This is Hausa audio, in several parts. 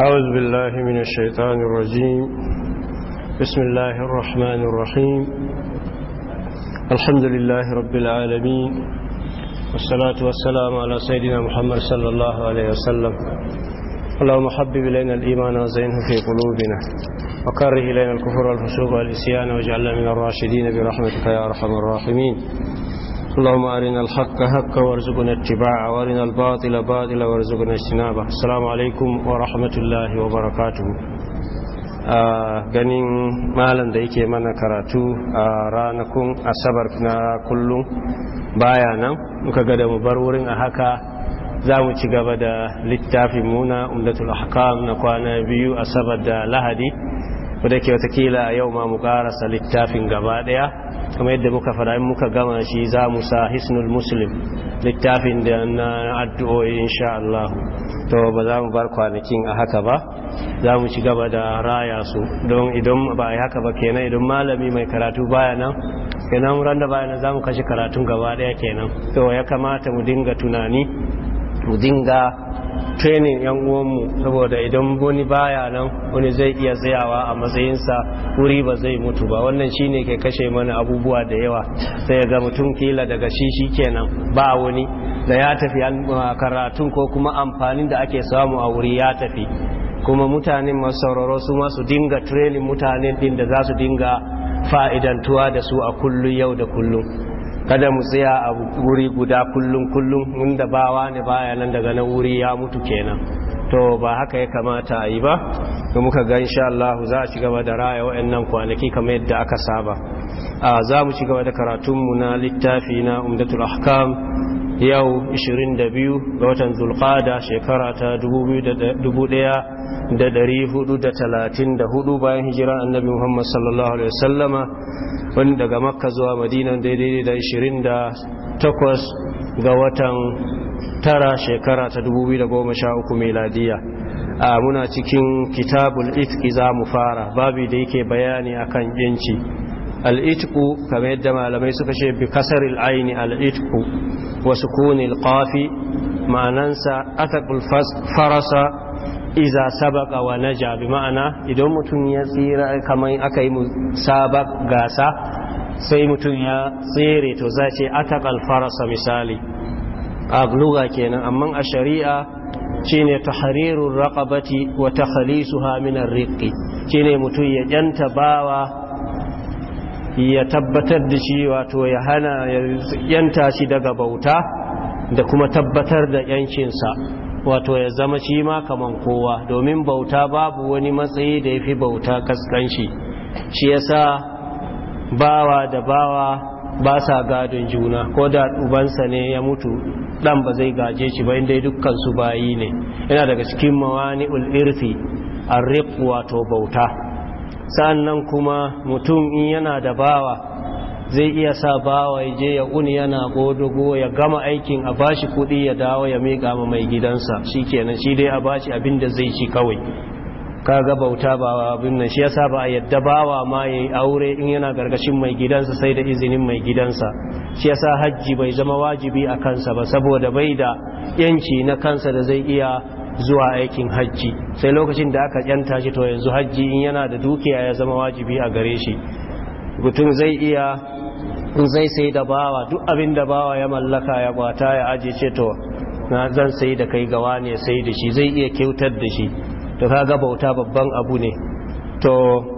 أعوذ بالله من الشيطان الرجيم بسم الله الرحمن الرحيم الحمد لله رب العالمين والصلاة والسلام على سيدنا محمد صلى الله عليه وسلم اللهم حبب إلينا الإيمان وزينه في قلوبنا وكره إلينا الكفر والفسوق والإسيان واجعلنا من الراشدين برحمتك يا أرحم الراحمين اللهم أرنا الحق حقا وارزقنا اتباعه وأرنا الباطل باطلا وارزقنا اجتنابه السلام عليكم ورحمة الله وبركاته ganin malam da yake mana karatu a ranakun asabar na kullum baya nan muka ga da mu bar wurin a haka za mu ci gaba da littafin muna umdatul ahkam na kwana biyu asabar da lahadi da ke watakila a yau ma mu karasa littafin gaba daya kamar yadda muka fara in muka gama shi za mu sa hisnul muslim littafin da na addu'o'i insha Allah to ba za mu bar kwanakin a haka ba za mu ci gaba da raya su don idan ba a haka ba kenan idan malami mai karatu baya nan kenan ran da baya nan za mu kashe karatun gaba daya kenan to ya kamata mu dinga tunani mu dinga training yan uwanmu saboda idan wani baya nan wani zai iya tsayawa a matsayinsa wuri ba zai mutu ba wannan shi ne ke kashe mana abubuwa da yawa sai ga mutum kila daga shi shi kenan ba wani da ya tafi karatun ko kuma amfanin da ake samu a wuri ya tafi kuma mutanen masauraro su masu dinga training mutanen din da za su dinga fa'idantuwa da su a kullum yau da kullum kada mu tsaya a wuri guda kullum kullum wanda ba wani ne baya nan daga nan wuri ya mutu kenan to ba haka ya kamata a yi ba da muka ga insha Allah za a ci gaba da raya waɗannan kwanaki kamar yadda aka saba a za mu ci gaba da karatunmu na littafi na umdatul ahkam yau 22 ga watan zulqada shekara ta 1434 bayan hijira annabi Muhammad sallallahu alaihi wasallama wanda daga makka zuwa madina daidai da 28 ga watan tara shekara ta 2013 miladiya muna cikin kitabul itqi za mu fara babu da yake bayani akan yanci al'itku kamar yadda malamai suka ce bi kasar al'aini al'itku wasu kone al'afi ma'anansa atakul farasa iza sabaka wa naja bi ma'ana idan mutum ya tsira kamar aka yi sabak gasa sai mutum ya tsere to za ce atakal farasa misali a luga kenan amma a shari'a shine tahrirur raqabati wa takhlisuha min ar-riqi shine mutum ya janta bawa ya tabbatar da shi wato ya hana ya yanta shi daga bauta da kuma tabbatar da sa wato ya zama shi ma kaman kowa domin bauta babu wani matsayi da yafi bauta kaskanci shi yasa bawa da bawa ba sa gadon juna ko da ubansa ne ya mutu dan ba zai gaje shi ba inda dukkan su bayi ne yana daga cikin mawani ul'irfi arriq to bauta sannan kuma mutum in yana da bawa zai iya sa bawa ya je ya uni yana godogo ya gama aikin a bashi kudi ya dawo ya miƙa ma mai gidansa shi kenan shi dai a bashi abin da zai ci kawai ka ga bauta ba abin nan shi yasa ba a yadda bawa ma ya yi aure in yana gargashin mai gidansa sai da izinin mai gidansa shi yasa hajji bai zama wajibi a kansa ba saboda bai da yanci na kansa da zai iya zuwa aikin hajji sai lokacin da aka yanta shi to yanzu hajji in yana da dukiya ya zama wajibi a gare shi mutum zai iya in zai sai da bawa duk abin da bawa ya mallaka ya bata ya aje ce to na zan sai da kai gawa ne sai da shi zai iya kyautar da shi to ga bauta babban abu ne to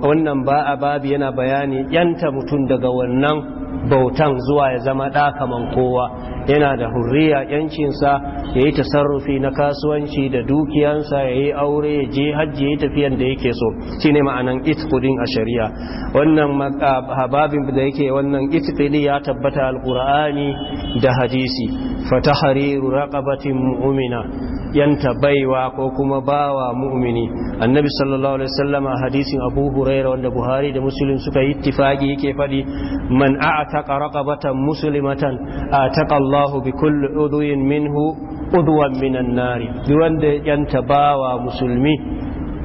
wannan ba a babi yana bayani yanta mutum daga wannan bautan zuwa ya zama ɗa kaman kowa yana da hurriya yancinsa ya yi tasarrufi na kasuwanci da dukiyansa ya yi aure ya je hajji ya yi tafiyan da yake so shi ne ma'anan itikudin a shari'a wannan hababin da yake wannan itikudi ya tabbata alkur'ani da hadisi fatahariru raqabatin mu'mina yanta baiwa ko kuma bawa mu'mini annabi sallallahu alaihi wasallam hadisin abu huraira wanda buhari da muslim suka yi ittifaki yake fadi man a'taqa raqabatan muslimatan ataqa الله بكل عضو منه عضوا من النار duwanda yanta bawa musulmi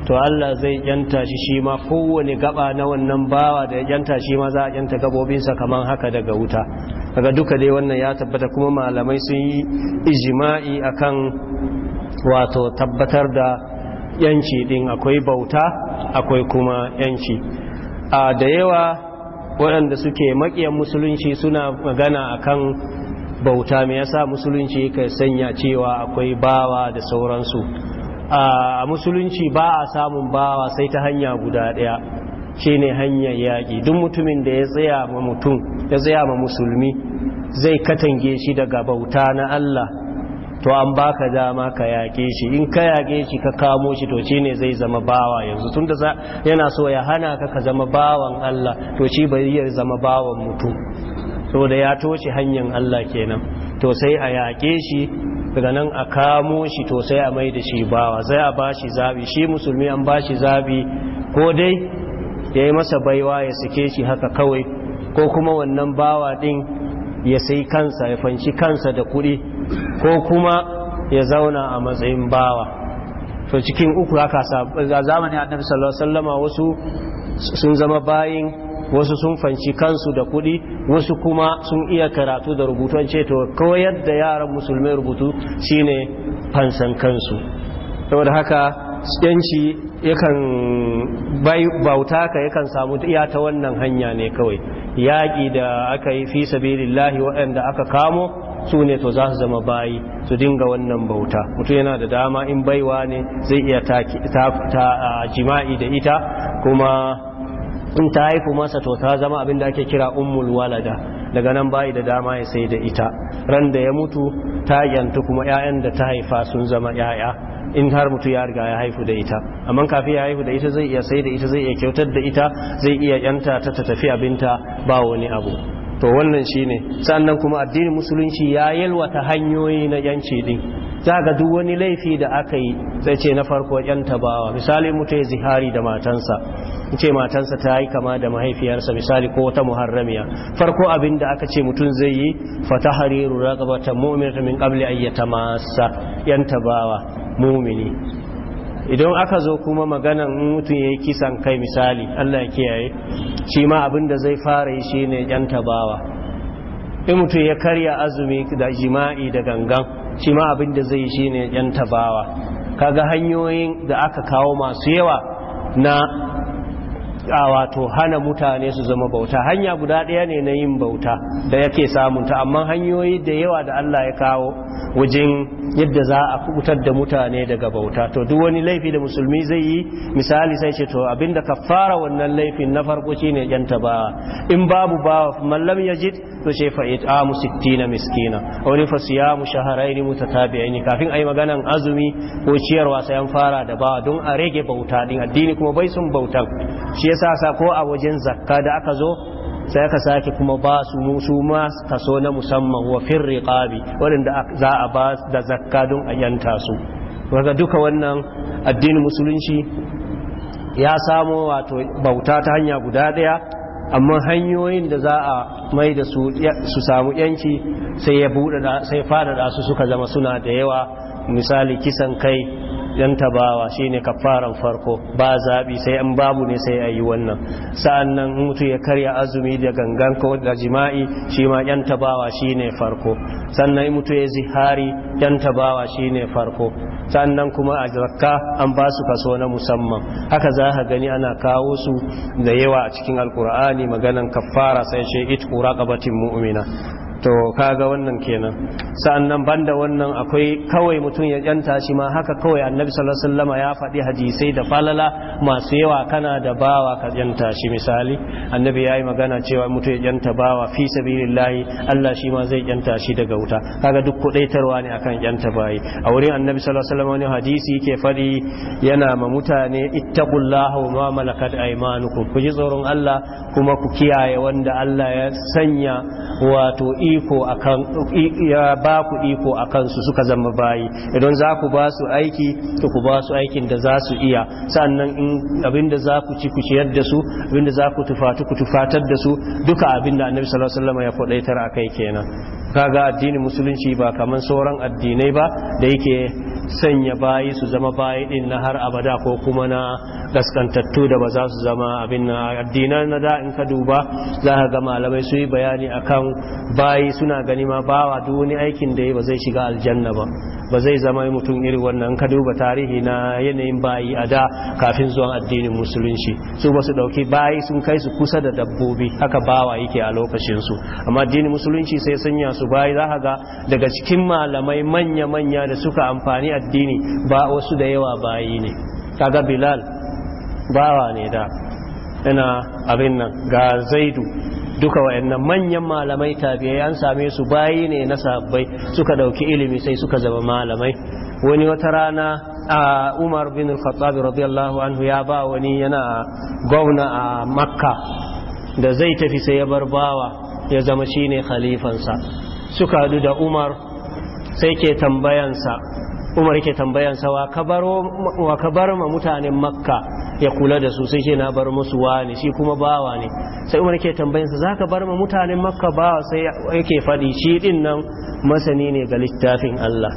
to Allah zai yanta shi shi ma gaba na wannan bawa da yanta shi ma za a yanta sa kamar haka daga wuta daga duka dai wannan ya tabbata kuma malamai sun yi ijima'i akan wato tabbatar da yanci din akwai bauta akwai kuma yanci a da yawa waɗanda suke makiyan musulunci suna magana akan bauta me yasa musulunci ka sanya cewa akwai bawa da sauransu a musulunci ba a samun bawa sai ta hanya guda ɗaya shine hanyar yaƙi duk mutumin da ya tsaya ma mutum ya tsaya ma musulmi zai katange shi daga bauta na Allah to an baka dama ka yaƙe shi in ka yaƙe shi ka kamo shi to shine zai zama bawa yanzu tunda yana so ya hana ka ka zama bawan Allah to shi bai zama bawan mutum saboda ya toshe hanyar Allah kenan to sai a yaƙe shi daga nan a kamo shi to sai a mai da shi bawa sai a bashi zabi shi musulmi an bashi zabi ko dai ya yi masa baiwa ya sake shi haka kawai ko kuma wannan bawa ɗin ya sai kansa ya fanci kansa da kuɗi ko kuma ya zauna a matsayin bawa to cikin uku haka zamani annabi sallallahu alaihi wasallama wasu sun zama bayin wasu sun fanci kansu da kuɗi wasu kuma sun iya karatu da rubutun ceto koyar da yaran musulmai rubutu shine fansan kansu saboda haka yanci yakan bauta ka yakan samu iya ta wannan hanya ne kawai yaƙi da aka yi fi sabilillahi waɗanda aka kamo su ne to za su zama bayi su dinga wannan bauta mutum yana da dama in baiwa ne zai iya ta jima'i da ita kuma in ta haifu masa to ta zama abin da ake kira ummul walada daga nan bayi da dama ya sai da ita ran da ya mutu ta yantu kuma 'ya'yan da ta haifa sun zama 'ya'ya in har mutu ya riga ya haifu da ita amma kafin ya haifu da ita zai iya sai da ita zai iya kyautar da ita zai iya yanta ta ta tafi abinta ba wani abu to wannan shine sannan kuma addinin musulunci ya yalwata hanyoyi na yanci din za ga duk wani laifi da aka yi zai ce na farko yan tabawa misali mutu ya zihari da matansa ce matansa ta yi kama da mahaifiyarsa misali ko wata muharramiya farko abin da aka ce mutum zai yi fata hariru raqabata mumin min qabli ayyata masa yan tabawa mu'mini idan aka zo kuma magana mutum ya yi kisan kai misali Allah ya kiyaye shi ma abin da zai fara yi ne yan tabawa in mutum ya karya azumi da jima'i da gangan shi ma abin da zai shi ne yan tabawa kaga hanyoyin da aka kawo masu yawa na wato hana mutane su zama bauta hanya guda ɗaya ne na yin bauta da yake samunta amma hanyoyi da yawa da Allah ya kawo wajen yadda za a kubutar da mutane daga bauta to duk wani laifi da musulmi zai yi misali sai ce to abinda ka fara wannan laifin na farko shi yan yanta ba in babu ba mallam ya ji to ce fa it'amu 60 miskina wani fa siyamu shahrayn mutatabi'ain kafin yi maganan azumi ko ciyarwa sai an fara da ba don a rage bauta din addini kuma bai sun bautan shi yasa sa ko a wajen zakka da aka zo sai aka sake kuma ba su musu ma kaso na musamman wa fir riqabi wanda za a ba da zakka don a yanta su kaga duka wannan addinin musulunci ya samo wato bauta ta hanya guda daya amma hanyoyin da za a mai da su samu yanci sai ya bude sai da su suka zama suna da yawa misali kisan kai dan tabawa shine kafaran farko ba zabi sai an babu ne sai ayi wannan sa'annan mutu ya karya azumi da gangan ko da jima'i shi ma yan tabawa shine farko sannan mutu ya zihari yan tabawa shine farko sannan kuma a zakka an ba su kaso na musamman haka za ka gani ana kawo su da yawa a cikin alkur'ani maganan kafara sai shi it qabatin mu'mina to kaga wannan kenan sa'annan banda wannan akwai kawai mutum ya yanta shi ma haka kawai annabi sallallahu alaihi wasallam ya faɗi hadisai da falala masu yawa kana da bawa ka yanta shi misali annabi yayi magana cewa mutum ya yanta bawa fi sabilillahi Allah shi ma zai yanta shi daga wuta kaga duk kudaitarwa ne akan yanta bayi a wurin annabi sallallahu alaihi wasallam wani hadisi yake faɗi yana ma mutane ittaqullahu wa ma malakat aymanukum ku ji tsoron Allah kuma ku kiyaye wanda Allah ya sanya wato i. iko akan ya ba ku iko akan su suka zama bayi idan za ku ba su aiki to ku ba su aikin da za su iya sannan in abinda za ku ci ku ciyar da su abinda za ku tufatu ku tufatar da su duka abinda annabi sallallahu alaihi wasallam ya fadaitar akai kenan kaga addinin musulunci ba kaman sauran addinai ba da yake sanya bayi su zama bayi din na har abada ko kuma na gaskantattu da ba za su zama abin na addinan na da in ka duba za ka ga malamai su yi bayani kan bayi suna gani ma bawa wa aikin da ya ba zai shiga aljanna ba ba zai zama mutum iri wannan ka duba tarihi na yanayin bayi a da kafin zuwan addinin musulunci su ba su dauki bayi sun kai su kusa da dabbobi haka bawa yake a lokacinsu su amma addinin musulunci sai sanya su bayi za ka ga daga cikin malamai manya-manya da suka amfani addini ba wasu da yawa bayi ne kaga bilal bawa ne da ina abin nan ga zaidu duka wayannan manyan malamai tabiyai an same su bayi ne na sabbai suka dauki ilimi sai suka zama malamai wani wata rana a umar bin al-khattab radiyallahu anhu ya ba wani yana gwamna a makka da zai tafi sai ya bar bawa ya zama shine khalifansa suka hadu da umar sai ke tambayansa umar ke tambayansa wa ka bar ma mutanen makka ya kula da su sai ce na bar musu wani shi kuma bawa ne sai umar ke tambayansa za ka bar ma mutanen makka bawa sai yake faɗi shi ɗin nan masani ne ga littafin Allah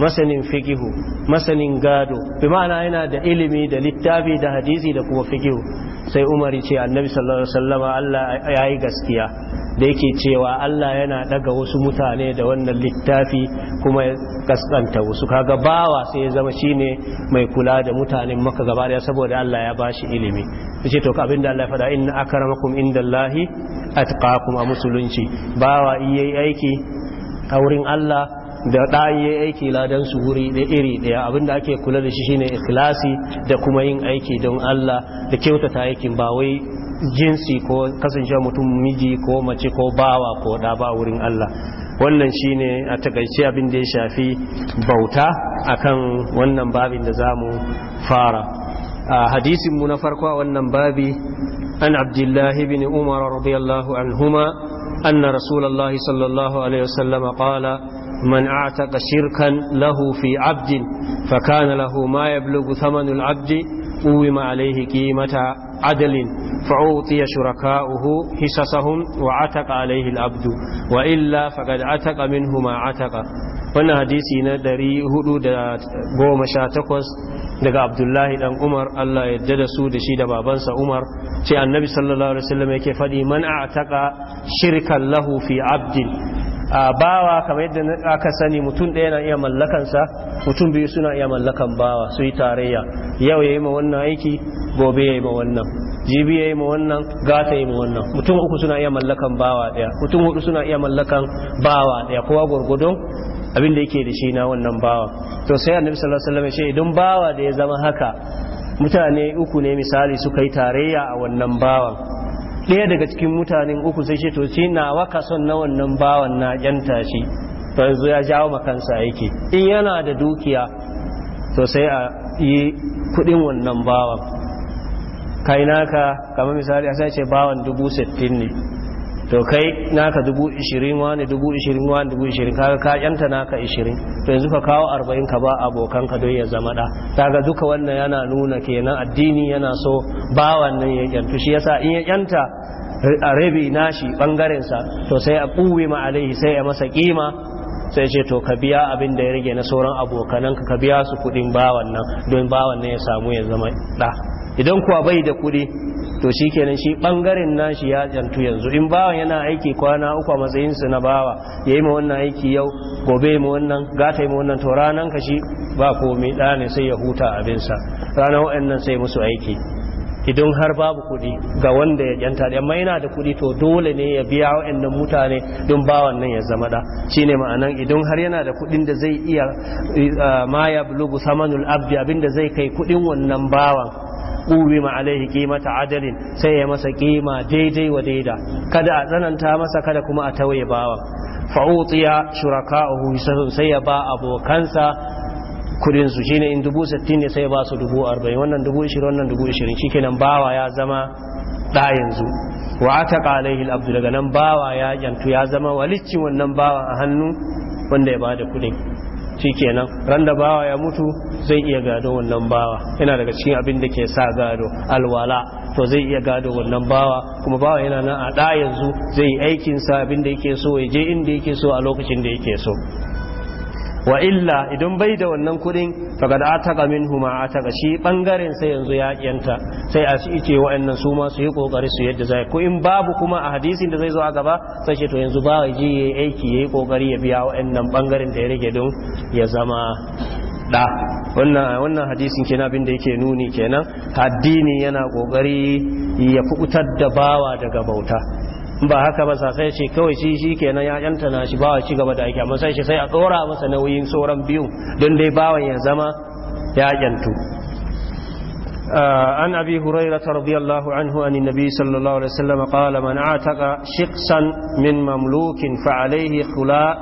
masanin fikihu masanin gado bi ma'ana yana da ilimi da littafi da hadisi da kuma fikihu sai umar ce annabi sallallahu alaihi wasallama Allah yayi gaskiya da yake cewa Allah yana daga wasu mutane da wannan littafi kuma ya kaskanta wasu kaga bawa sai ya zama shine mai kula da mutanen maka gaba daya saboda Allah ya bashi ilimi yace to abin da Allah ya faɗa inna akramakum indallahi atqakum a musulunci bawa iyayi aiki a wurin Allah da ɗayi ya aiki ladan su wuri da iri ɗaya abinda ake kula da shi shine ikhlasi da kuma yin aiki don Allah da kyautata aikin ba wai jinsi ko kasancewa mutum miji ko mace ko bawa ko da ba wurin Allah wannan shine a takaice abin da ya shafi bauta a kan wannan babin da zamu fara a hadisin na farko wannan babi an abdullahi bin umar radiyallahu anhuma anna rasulullahi sallallahu alaihi wasallam qala من أعتق شركا له في عبد فكان له ما يبلغ ثمن العبد قوم عليه قيمة عدل فأعطي شركاؤه حصصهم وعتق عليه العبد وإلا فقد عتق منه ما عتق wani hadisi na 418 daga abdullahi dan umar Allah yadda da su da shi da babansa umar ce annabi sallallahu alaihi wasallam yake faɗi man a'taqa shirkan lahu fi abdin a bawa kamar yadda aka sani mutum ɗaya na iya mallakansa mutum biyu suna iya mallakan bawa su yi tarayya yau ya yi ma wannan aiki gobe ya yi ma wannan jibi ya yi ma wannan gata ya yi ma wannan mutum uku suna iya mallakan bawa ɗaya mutum hudu suna iya mallakan bawa ɗaya kowa gwargwadon abin da yake da shi na wannan bawa to sai annabi sallallahu alaihi wasallam ya ce idan bawa da ya zama haka mutane uku ne misali suka yi tarayya a wannan bawan ɗaya daga cikin mutanen uku sai shi to shi nawa son na wannan bawan na yanta shi to yanzu ya jawo kansa aiki in yana da dukiya to sai a yi kudin wannan bawan kai naka kamar misali a sai ce bawan dubu sittin ne to kai naka dubu ishirin wani dubu ishirin wani dubu ishirin kaga ka yanta naka ishirin to yanzu ka kawo arba'in ka ba abokanka don ya zama da kaga duka wannan yana nuna kenan addini yana so ba wannan ya yantu shi yasa in ya yanta a rabi nashi bangarensa to sai a kuwe ma alaihi sai a masa kima sai ce to ka biya abin da ya rage na sauran abokananka ka biya su kudin ba wannan don ba wannan ya samu ya zama da idan kuwa bai da kudi to shi kenan shi bangaren nashi ya jantu yanzu in bawan yana aiki kwana uku a matsayinsu na bawa ya yi ma wannan aiki yau gobe ma wannan gata yi ma wannan to ranan ka shi ba komai ɗa ne sai ya huta abinsa ranar waɗannan sai musu aiki idan har babu kuɗi ga wanda ya yanta da amma yana da kuɗi to dole ne ya biya waɗannan mutane don bawan nan ya zama da shine ma'anan idan har yana da kuɗin da zai iya eh, ma ya bulugu samanul abdi abinda zai kai kuɗin wannan bawan ƙuwima alaihi ƙimata adalin sai ya masa ƙima daidai wa daida kada a tsananta masa kada kuma a tauye bawa fa'utiya shuraka'uhu sai ya ba abokansa kudin su shine in dubu sittin ne sai ba su dubu arba'in wannan dubu ishirin wannan dubu ishirin shikenan bawa ya zama da yanzu wa ta alaihi abdu daga nan bawa ya yantu ya zama walicci wannan bawa a hannu wanda ya bada kudin shi ran da bawa ya mutu zai iya gado wannan bawa yana daga cikin abin da ke sa gado alwala to zai iya gado wannan bawa kuma bawa yana nan a ɗa yanzu zai yi aikin sa abin da yake so ya je inda yake so a lokacin da yake so wa illa idan bai da wannan kuɗin faga da ga min huma ga shi bangaren sai yanzu ya kiyanta sai a shi ce wa'annan su ma su yi kokari su yadda zai ko in babu kuma a hadisin da zai zo a gaba sai ce to yanzu ba ya yayi aiki yayi kokari ya biya wa'annan bangaren da ya rage don ya zama da wannan wannan hadisin kenan abin da yake nuni kenan addini yana kokari ya fukutar da bawa daga bauta ba haka ba sa sai ce kawai shi shi kenan ya yanta na shi bawa ci gaba da aiki amma sai shi sai a tsora masa nauyin sauran biyu don dai bawan ya zama ya yantu ah, an abi hurairah radiyallahu anhu an nabi sallallahu alaihi wasallam qala man ataqa shiqsan min mamlukin fa alayhi khula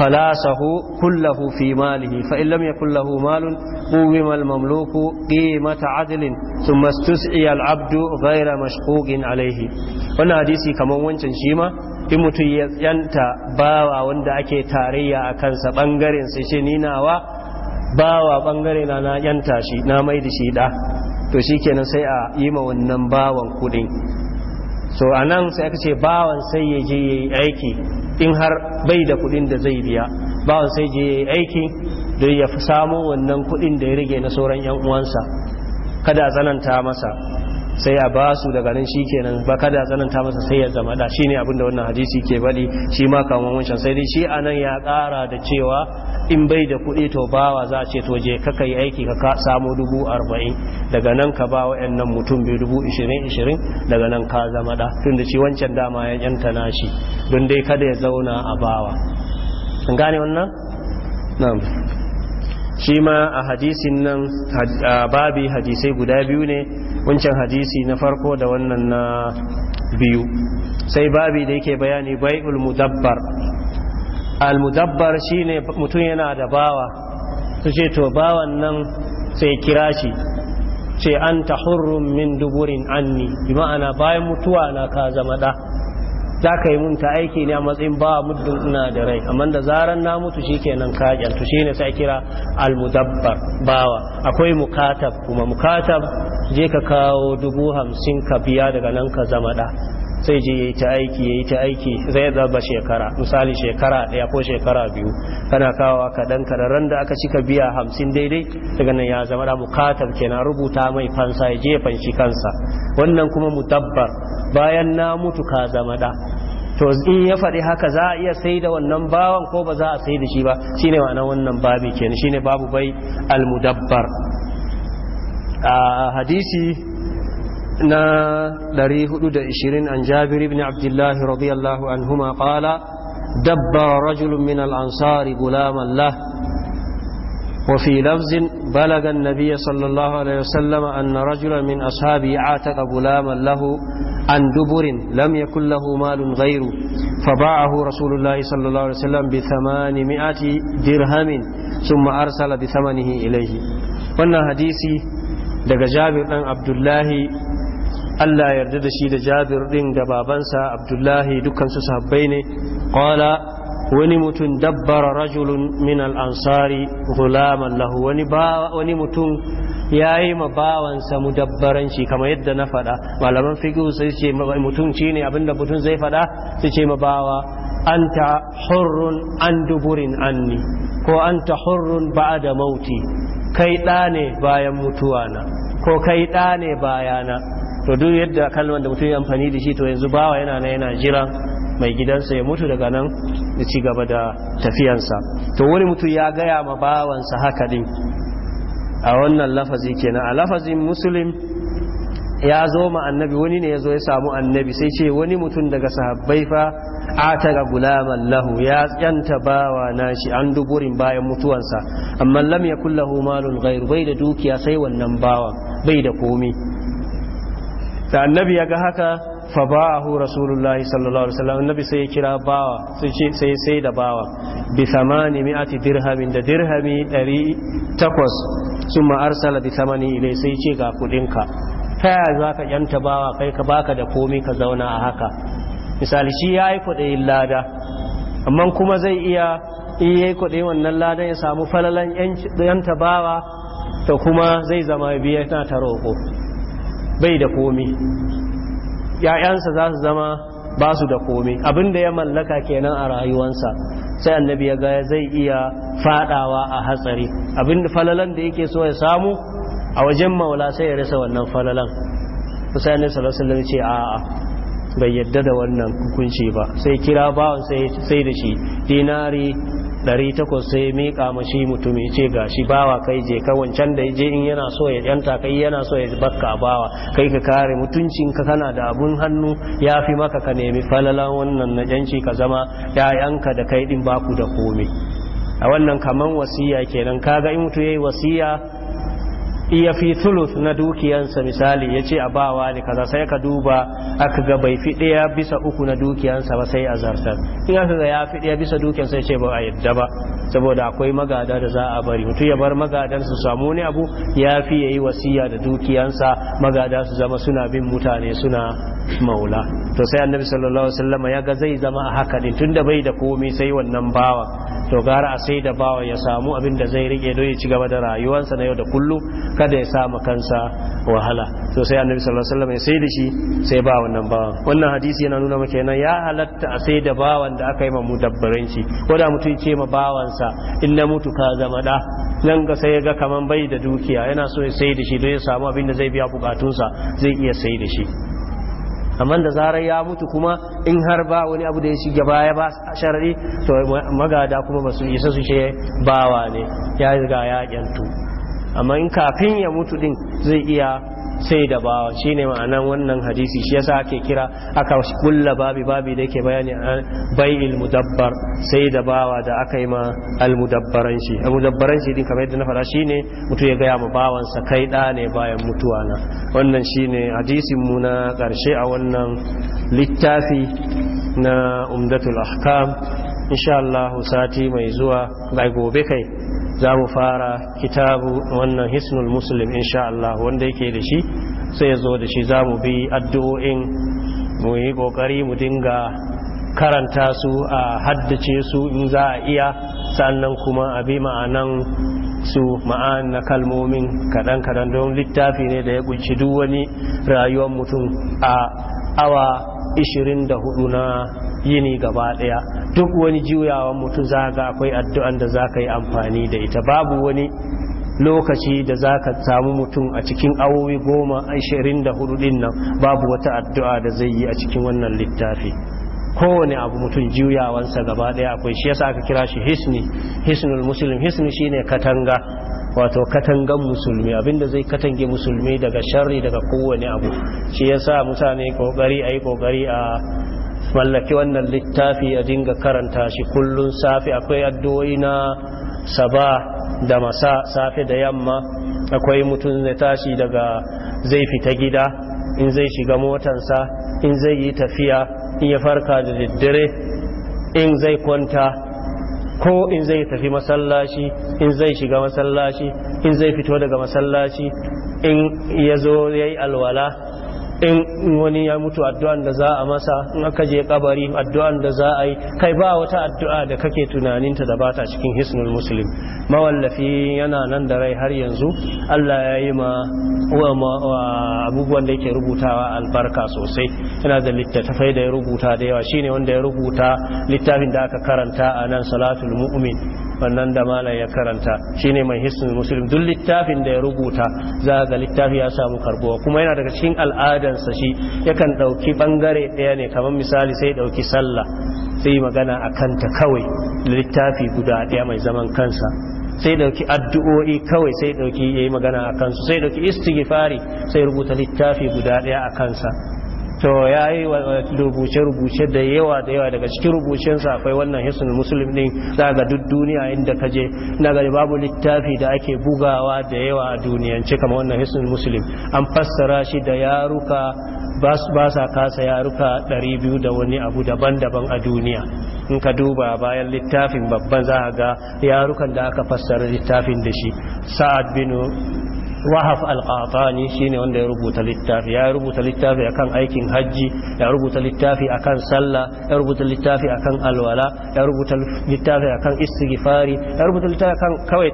خلاصه كله في ماله فإن لم يكن له مال قوم المملوك قيمة عدل ثم استسعي العبد غير مشقوق عليه وانا حديثي كما وانشان شيما in mutum ya yanta bawa wanda ake tarayya a kansa bangaren sai ce ni nawa bawa bangare na na yanta shi na mai da shi da to shikenan sai a yi ma wannan bawan kudin so anan sai aka ce bawan sai ya je yayi aiki in har bai da kudin da zai biya bawan sai je aiki don ya fi samu wannan kudin da ya rage na sauran yan uwansa kada zananta masa sai a ba su daga nan shi kenan ba kada tsananta masa sai ya zama da shi ne abinda wannan hadisi ke bali shi ma kamar wancan sai dai shi a nan ya kara da cewa in bai da kuɗi to bawa za ce to je ka kai aiki ka samu dubu arba'in daga nan ka ba nan mutum biyu dubu ishirin ishirin daga nan ka zama da tun da shi wancan dama ya yanta nashi don dai kada ya zauna a bawa gane wannan na'am shi ma a hadisin nan babi hadisai guda biyu ne wancan hadisi na farko da wannan na biyu sai babi da yake bayani bai ulmudabbar Almudabbar shi ne mutum yana da bawa su ce to bawan nan sai kira shi ce an ta hurrun min duburin anni bi ma'ana bayan mutuwa na ka zama da za ka yi ta aiki ne a matsayin ba muddin ina da rai amma da zaran na mutu shi kenan kayan to shi ne sai kira almudabbar bawa akwai mukatab kuma mukatab je ka kawo dubu hamsin ka biya daga nan ka zama da sai je yi ta aiki yi ta aiki zai zaba shekara misali shekara ɗaya ko shekara biyu kana kawo kadan kadan da aka cika biya hamsin daidai daga nan ya zama da mukatab kenan rubuta mai fansa ya je fanshi kansa wannan kuma mudabbar bayan na mutu ka zama da to in ya faɗi haka za a iya sai da wannan bawan ko ba za a sai da shi ba shine ma'anar wannan babi kenan shine babu bai almudabbar a hadisi na 420 an jabir ibn abdullahi radiyallahu anhuma qala dabbar rajulun min al-ansari gulaman lah وفي لفظ بلغ النبي صلى الله عليه وسلم أن رجلا من أصحابه عاتق غلاما له عن دبر لم يكن له مال غيره فباعه رسول الله صلى الله عليه وسلم بثمانمائة درهم ثم أرسل بثمنه إليه وانا حديثي daga Jabir dan Abdullahi Allah yarda da shi da Jabir din da babansa Abdullahi dukkan su ne qala wani mutum dabbara rajulun min al'ansari gulaman lahu wani mutum ya yi ma bawansa mu dabbaranci kama yadda na faɗa malaman fiƙi sai ce mutum shi ne abinda mutum zai faɗa su ce ma bawa an ta hurrun an duburin anni ko an ta hurrun ba da mauti kai ɗa ne bayan mutuwa na ko kai ɗa ne bayana to duk yadda kalmar da mutum yi amfani da shi to yanzu bawa yana na yana jira mai gidansa ya mutu daga nan da ci gaba da tafiyansa to wani mutum ya gaya ma bawansa haka din a wannan lafazi kenan a lafazin musulun ya zo ma annabi wani ne ya zo ya samu annabi sai ce wani mutum daga sahabbai fa a atara gulaman lahu ya tsanta bawa na shi an duburin bayan mutuwansa amma lam ya lahu malun ghairu bai da dukiya sai wannan bawa bai da komi da annabi ya ga haka fa ba hu rasulullahi sallallahu alaihi wasallam annabi sai ya kira bawa sai sai sai da bawa bi thamani mi'ati dirhamin da dirhami 800 summa arsala bi thamani ilai sai ce ga kudin ka ta yaya ka yanta bawa kai ka baka da komai ka zauna a haka misali shi ya yi kuɗin lada amma kuma zai iya iya kuɗi wannan lada ya samu falalan yanta bawa to kuma zai zama biya ta roƙo bai da komi ya'yansa za su zama ba su da komai abinda ya mallaka kenan a rayuwansa sai annabi ya ga zai iya fadawa a hatsari abinda falalan da yake so ya samu a wajen maula sai ya rasa wannan falalan sai annabi sallallahu alaihi ce a'a bai yadda da wannan hukunci ba sai kira bawan sai da shi dinari 800 sai miƙa mashi mutum ya ce shi bawa kai je ka wancan da je in yana so ya yanta kai yana so ya bakka bawa kai ka kare mutuncin ka kana da abun hannu ya fi maka ka nemi falalan wannan na yanci ka zama ƴaƴanka da kai din baku da komai a wannan kaman wasiya kenan kaga in mutum yayi wasiya iya fi thuluth na dukiyansa misali ya ce a bawa ne kaza sai ka duba aka ga bai fi ɗaya bisa uku na dukiyansa ba sai a zartar in aka ga ya fi ɗaya bisa dukiyansa ya ce ba a yadda ba saboda akwai magada da za a bari mutum ya bar magadan su samu wani abu ya fi ya yi wasiya da dukiyansa magada su zama suna bin mutane suna maula to sai annabi sallallahu alaihi wasallam ya ga zai zama a haka din tunda bai da komai sai wannan bawa to gara a sai da bawa ya samu abin da zai rike don ya ci gaba da rayuwarsa na yau da kullum kada ya sa kansa wahala to sai annabi sallallahu alaihi wasallam ya sai da shi sai ba wannan bawan wannan hadisi yana nuna maka yana ya halatta a sai da bawan da aka yi ma mudabbarin shi ko da mutum ce ma bawansa in na mutu ka zama da nan ga sai ga kaman bai da dukiya yana so ya sai da shi don ya samu abin da zai biya bukatunsa zai iya sai da shi amma da zarar ya mutu kuma in har ba wani abu da ya shiga baya ba sharari to magada kuma ba su isa su ce bawa ne ya riga ya kyantu amma in kafin ya mutu din zai iya sai da bawa shine ma'anan wannan hadisi shi yasa ake kira aka kulla babi babi da yake bayani bai mudabbar sai da bawa da aka yi ma almudabbaran shi almudabbaran shi din kamar yadda na fara ne mutu ya gaya ma bawansa kai da ne bayan mutuwa na wannan shine hadisin mu na karshe a wannan littafi na umdatul ahkam insha Allah sati mai zuwa gobe kai za mu fara kitabu wannan hisnul muslim insha Allah wanda yake da shi sai ya zo da shi za mu bi addu'o'in mu yi ƙoƙari mu dinga karanta su a haddace su in za a iya sannan kuma a bi ma'anan su ma'an na kalmomin kaɗan-kaɗan don littafi ne da ya ƙunshi duk wani rayuwar mutum a awa 24 na yini gaba daya duk wani juyawan mutu zaga akwai addu'an da zaka yi amfani da ita babu wani lokaci da zaka samu mutum a cikin awowi goma 24 din nan babu wata addu'a da zai yi a cikin wannan littafi kowane abu mutum juyawansa gaba daya akwai shi yasa aka kira shi hisni hisnul muslim hisni shine katanga wato katangan musulmi abinda zai katange musulmi daga sharri daga kowane abu shi yasa mutane kokari ayi kokari a mallaki wannan littafi a dinga karanta shi kullun safi akwai addu'o'i na saba da masa safe da yamma akwai mutum zai tashi daga zai fita gida in zai shiga motansa in zai yi tafiya in ya farka da daddare in zai kwanta ko in zai tafi masallaci in zai shiga masallaci in zai fito daga masallaci in ya zo ya yi alwala in wani ya mutu addu'an da za a masa in aka je kabari addu'an da za a yi kai ba wata addu'a da kake tunaninta da bata cikin hisnul muslim mawallafi yana nan da rai har yanzu Allah ya yi ma abubuwan da yake rubutawa albarka sosai yana da littattafai da ya rubuta da yawa shine wanda ya rubuta littafin da aka karanta a nan salatul mu'min wannan da malam ya karanta shine mai hisnul muslim duk littafin da ya rubuta za ga littafi ya samu karbuwa kuma yana daga cikin al'adansa shi yakan ɗauki bangare ɗaya ne kamar misali sai dauki sallah sai magana a kanta kawai littafi guda ɗaya mai zaman kansa sai dauki addu'o'i kawai sai dauki yayi magana a kansu sai dauki istighfari sai rubuta littafi guda daya a kansa to ya yi rubuce-rubuce da yawa da yawa daga cikin rubucensa akwai wannan hisnul musulun din za ga duk duniya inda ka je na gari babu littafi da ake bugawa da yawa a duniyance kama wannan hisnul musulun an fassara shi da yaruka ba sa kasa yaruka biyu da wani abu daban-daban a duniya in ka duba bayan littafin babban za ga yarukan da aka fassara littafin da shi sa'ad binu. wahaf alƙatani shi ne wanda ya rubuta littafi ya rubuta littafi akan aikin hajji ya rubuta littafi akan sallah ya rubuta littafi akan alwala ya rubuta littafi akan istighfari ya rubuta littafi akan kawai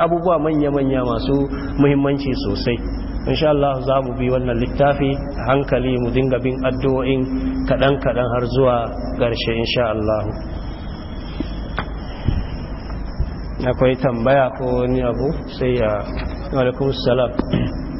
abubuwa manya-manya masu muhimmanci sosai insha Allah za mu bi wannan littafi hankali mu dinga bin addu'o'in kaɗan-kaɗan har zuwa ƙarshe insha Allah akwai tambaya ko wani abu sai ya وعليكم السلام